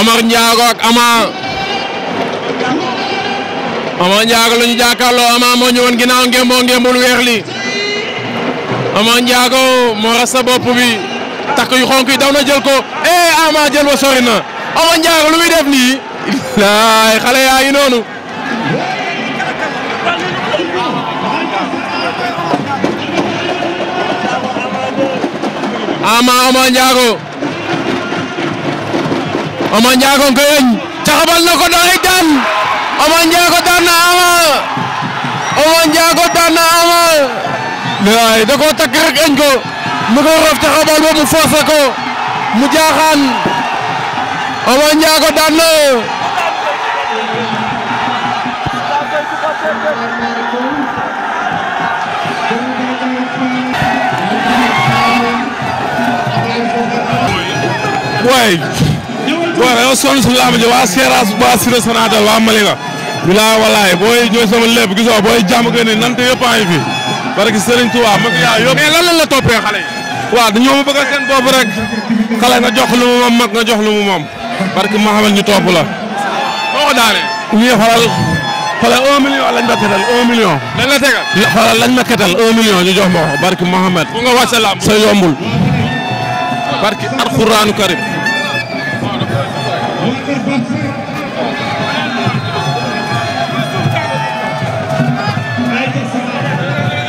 Omar Ndiago ak Ama Omar Ndiago la ñu jàkkaarloo Ama moo ñëwoon ginnaaw ngémboo ngémbul weex li Omar Ndiago moo ras sa bopp bi yu xonk yi daw eh, lu muy def nii laay xale yaa ngi noonu Ama Ndiago ngëyeñ caxabal na ko doy daan Ama Ndiago daan na Ama Ama Ndiago daan na da koo takk rek ko mu ko rof caxabal ba mu forcé ko mu jaaxaan Ama Ndiago daan na boo dañoo sonn suñu làmb ji waa Seras waa Sira Sonatel waa Malika. bilaa walaay booy ñooy sama lépp gisoo booy jàmm gën nante yëpp a ngi fi. parce que Serigne ma fi yaay yëpp. mais lan la toppee xale yi. waaw dañoo ma bëgg seen rek. xale nga jox lu mu moom nga jox lu mu moom. parce que ma xamal ñu topp la. boo ko daanee. lañ ma ketal 1 million. lañ la tegal xoolal lañ ma ketal 1 million karim muy kër